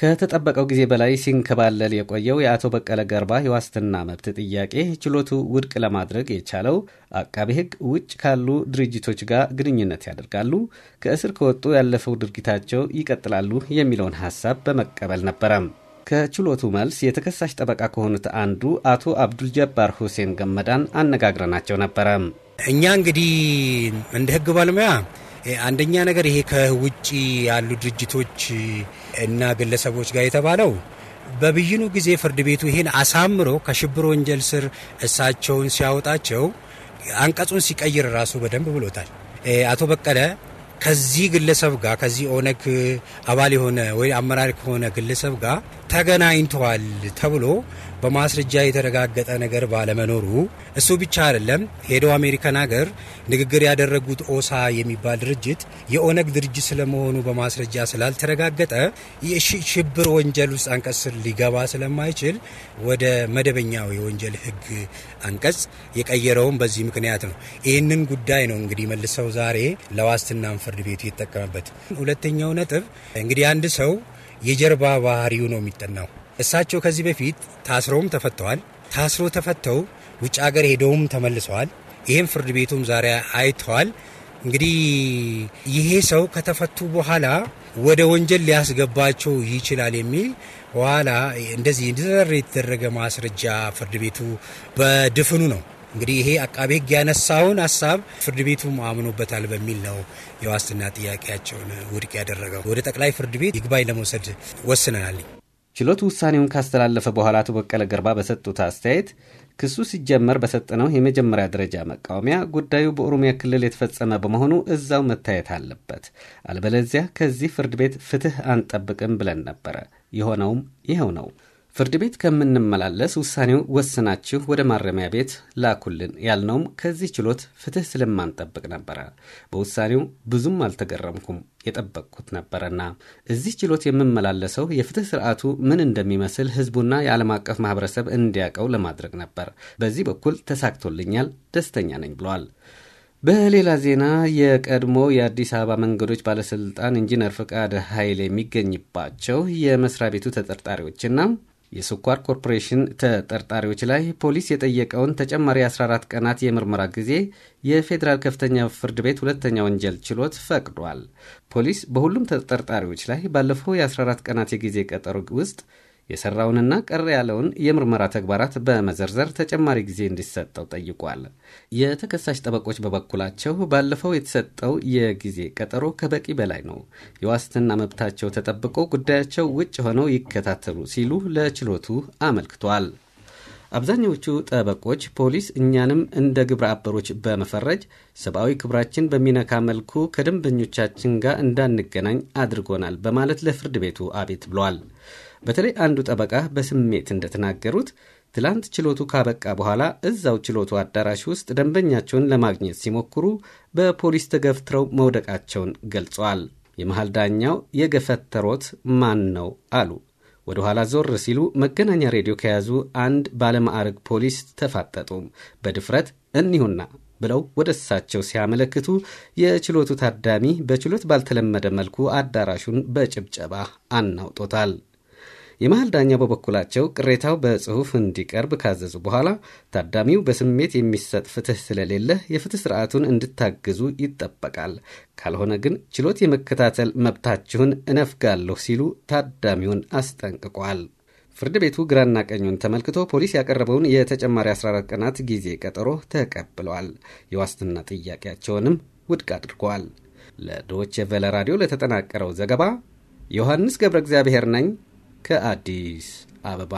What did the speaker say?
ከተጠበቀው ጊዜ በላይ ሲንከባለል የቆየው የአቶ በቀለ ገርባ የዋስትና መብት ጥያቄ ችሎቱ ውድቅ ለማድረግ የቻለው አቃቢ ሕግ ውጭ ካሉ ድርጅቶች ጋር ግንኙነት ያደርጋሉ፣ ከእስር ከወጡ ያለፈው ድርጊታቸው ይቀጥላሉ የሚለውን ሐሳብ በመቀበል ነበረ። ከችሎቱ መልስ የተከሳሽ ጠበቃ ከሆኑት አንዱ አቶ አብዱል ጀባር ሁሴን ገመዳን አነጋግረናቸው ነበረ። እኛ እንግዲህ እንደ ሕግ ባለሙያ አንደኛ ነገር ይሄ ከውጭ ያሉ ድርጅቶች እና ግለሰቦች ጋር የተባለው በብይኑ ጊዜ ፍርድ ቤቱ ይህን አሳምሮ ከሽብር ወንጀል ስር እሳቸውን ሲያወጣቸው አንቀጹን ሲቀይር ራሱ በደንብ ብሎታል። አቶ በቀለ ከዚህ ግለሰብ ጋር ከዚህ ኦነግ አባል የሆነ ወይ አመራር ከሆነ ግለሰብ ጋር ተገናኝተዋል ተብሎ በማስረጃ የተረጋገጠ ነገር ባለመኖሩ እሱ ብቻ አይደለም ሄደው አሜሪካን ሀገር ንግግር ያደረጉት ኦሳ የሚባል ድርጅት የኦነግ ድርጅት ስለመሆኑ በማስረጃ ስላልተረጋገጠ የሽብር ወንጀል ውስጥ አንቀጽ ስር ሊገባ ስለማይችል ወደ መደበኛው የወንጀል ሕግ አንቀጽ የቀየረውም በዚህ ምክንያት ነው። ይህንን ጉዳይ ነው እንግዲህ መልሰው ዛሬ ለዋስትናም ፍርድ ቤቱ የተጠቀመበት። ሁለተኛው ነጥብ እንግዲህ አንድ ሰው የጀርባ ባህሪው ነው የሚጠናው። እሳቸው ከዚህ በፊት ታስረውም ተፈተዋል። ታስሮ ተፈተው ውጭ ሀገር ሄደውም ተመልሰዋል። ይህም ፍርድ ቤቱም ዛሬ አይተዋል። እንግዲህ ይሄ ሰው ከተፈቱ በኋላ ወደ ወንጀል ሊያስገባቸው ይችላል የሚል በኋላ እንደዚህ እንዲዘረር የተደረገ ማስረጃ ፍርድ ቤቱ በድፍኑ ነው እንግዲህ ይሄ አቃቤ ሕግ ያነሳውን ሀሳብ ፍርድ ቤቱም አምኖበታል በሚል ነው የዋስትና ጥያቄያቸውን ውድቅ ያደረገው። ወደ ጠቅላይ ፍርድ ቤት ይግባኝ ለመውሰድ ወስነናል። ችሎት ውሳኔውን ካስተላለፈ በኋላ አቶ በቀለ ገርባ በሰጡት አስተያየት ክሱ ሲጀመር በሰጠነው የመጀመሪያ ደረጃ መቃወሚያ ጉዳዩ በኦሮሚያ ክልል የተፈጸመ በመሆኑ እዛው መታየት አለበት፣ አለበለዚያ ከዚህ ፍርድ ቤት ፍትህ አንጠብቅም ብለን ነበረ። የሆነውም ይኸው ነው። ፍርድ ቤት ከምንመላለስ ውሳኔው ወስናችሁ ወደ ማረሚያ ቤት ላኩልን ያልነውም ከዚህ ችሎት ፍትህ ስለማንጠብቅ ነበረ። በውሳኔው ብዙም አልተገረምኩም፣ የጠበቅኩት ነበረና እዚህ ችሎት የምመላለሰው የፍትህ ስርዓቱ ምን እንደሚመስል ህዝቡና የዓለም አቀፍ ማህበረሰብ እንዲያውቀው ለማድረግ ነበር። በዚህ በኩል ተሳክቶልኛል፣ ደስተኛ ነኝ ብለዋል። በሌላ ዜና የቀድሞ የአዲስ አበባ መንገዶች ባለስልጣን ኢንጂነር ፍቃድ ኃይል የሚገኝባቸው የመስሪያ ቤቱ ተጠርጣሪዎችና የስኳር ኮርፖሬሽን ተጠርጣሪዎች ላይ ፖሊስ የጠየቀውን ተጨማሪ 14 ቀናት የምርመራ ጊዜ የፌዴራል ከፍተኛ ፍርድ ቤት ሁለተኛ ወንጀል ችሎት ፈቅዷል። ፖሊስ በሁሉም ተጠርጣሪዎች ላይ ባለፈው የ14 ቀናት የጊዜ ቀጠሮ ውስጥ የሰራውንና ቀር ያለውን የምርመራ ተግባራት በመዘርዘር ተጨማሪ ጊዜ እንዲሰጠው ጠይቋል። የተከሳሽ ጠበቆች በበኩላቸው ባለፈው የተሰጠው የጊዜ ቀጠሮ ከበቂ በላይ ነው፣ የዋስትና መብታቸው ተጠብቆ ጉዳያቸው ውጭ ሆነው ይከታተሉ ሲሉ ለችሎቱ አመልክቷል። አብዛኛዎቹ ጠበቆች ፖሊስ እኛንም እንደ ግብረ አበሮች በመፈረጅ ሰብአዊ ክብራችን በሚነካ መልኩ ከደንበኞቻችን ጋር እንዳንገናኝ አድርጎናል በማለት ለፍርድ ቤቱ አቤት ብሏል። በተለይ አንዱ ጠበቃ በስሜት እንደተናገሩት ትላንት ችሎቱ ካበቃ በኋላ እዛው ችሎቱ አዳራሽ ውስጥ ደንበኛቸውን ለማግኘት ሲሞክሩ በፖሊስ ተገፍትረው መውደቃቸውን ገልጿል። የመሃል ዳኛው የገፈተሮት ማን ነው አሉ። ወደ ኋላ ዞር ሲሉ መገናኛ ሬዲዮ ከያዙ አንድ ባለማዕረግ ፖሊስ ተፋጠጡ። በድፍረት እኒሁና ብለው ወደ እሳቸው ሲያመለክቱ የችሎቱ ታዳሚ በችሎት ባልተለመደ መልኩ አዳራሹን በጭብጨባ አናውጦታል። የመሀል ዳኛ በበኩላቸው ቅሬታው በጽሑፍ እንዲቀርብ ካዘዙ በኋላ ታዳሚው በስሜት የሚሰጥ ፍትህ ስለሌለ የፍትህ ስርዓቱን እንድታግዙ ይጠበቃል፣ ካልሆነ ግን ችሎት የመከታተል መብታችሁን እነፍጋለሁ ሲሉ ታዳሚውን አስጠንቅቋል። ፍርድ ቤቱ ግራና ቀኙን ተመልክቶ ፖሊስ ያቀረበውን የተጨማሪ 14 ቀናት ጊዜ ቀጠሮ ተቀብለዋል። የዋስትና ጥያቄያቸውንም ውድቅ አድርጓል። ለዶች ቨለ ራዲዮ ለተጠናቀረው ዘገባ ዮሐንስ ገብረ እግዚአብሔር ነኝ። ከአዲስ አበባ